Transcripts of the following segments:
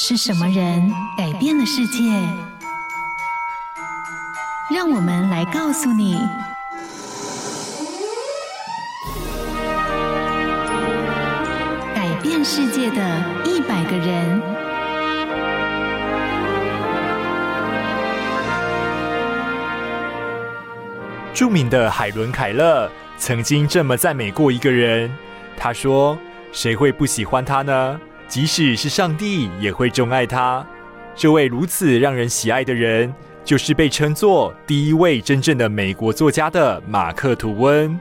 是什麼人改變了世界？讓我們來告訴你：改變世界的一百個人。著名的海倫·凱勒曾經這麼讚美過一個人，他說：“誰會不喜歡他呢？”即使是上帝也會鍾愛他，這位如此讓人喜愛的人，就是被稱作第一位真正的美國作家的馬克吐溫。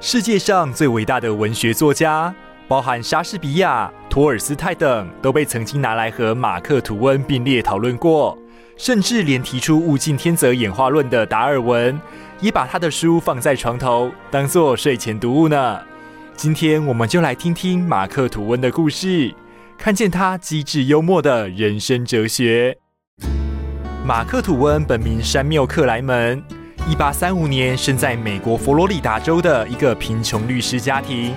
世界上最偉大的文學作家，包含莎士比亞、托爾斯泰等，都被曾經拿來和馬克吐溫並列討論過。甚至連提出物競天擇演化論的達爾文，也把他的書放在床頭，當做睡前讀物呢。今天我們就來聽聽馬克吐溫的故事。看見他機智幽默的人生哲學。馬克吐溫本名山繆克萊門，一八三五年生在美國佛羅里達州的一個貧窮律師家庭。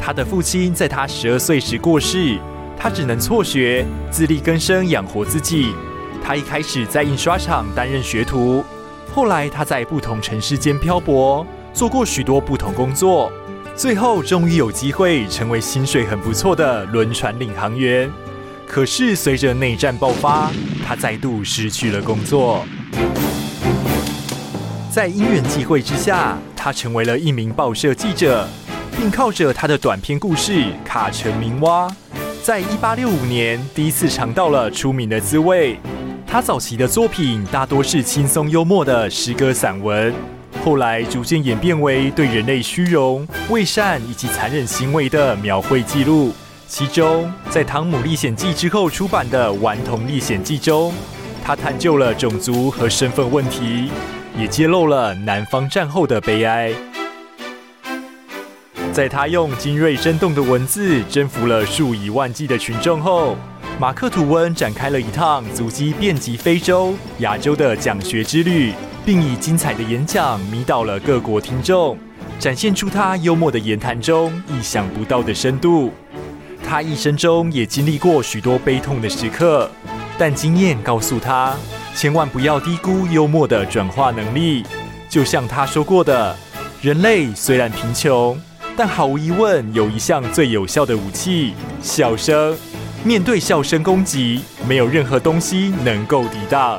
他的父親在他十二歲時過世，他只能輟學，自力更生養活自己。他一開始在印刷廠擔任學徒，後來他在不同城市間漂泊，做過許多不同工作。最後，終於有機會成為薪水很不錯的輪船領航員。可是，隨着內戰爆發，他再度失去了工作。在因緣際會之下，他成為了一名報社記者，並靠着他的短篇故事《卡城名蛙》，在一八六五年第一次嚐到了出名的滋味。他早期的作品大多是輕鬆幽默的詩歌散文。後來逐漸演變為對人類虛榮、偽善以及殘忍行為的描繪記錄。其中，在《湯姆歷險記》之後出版的《頑童歷險記》中，他探究了種族和身份問題，也揭露了南方戰後的悲哀。在他用精銳生動的文字征服了數以萬計的群眾後，馬克·吐溫展開了一趟足跡遍及非洲、亞洲的講學之旅。並以精彩的演講迷倒了各國聽眾，展現出他幽默的言談中意想不到的深度。他一生中也經歷過許多悲痛的時刻，但經驗告訴他，千萬不要低估幽默的轉化能力。就像他說過的：“人類雖然貧窮，但毫無疑問有一項最有效的武器——笑聲。面對笑聲攻擊，沒有任何東西能夠抵擋。”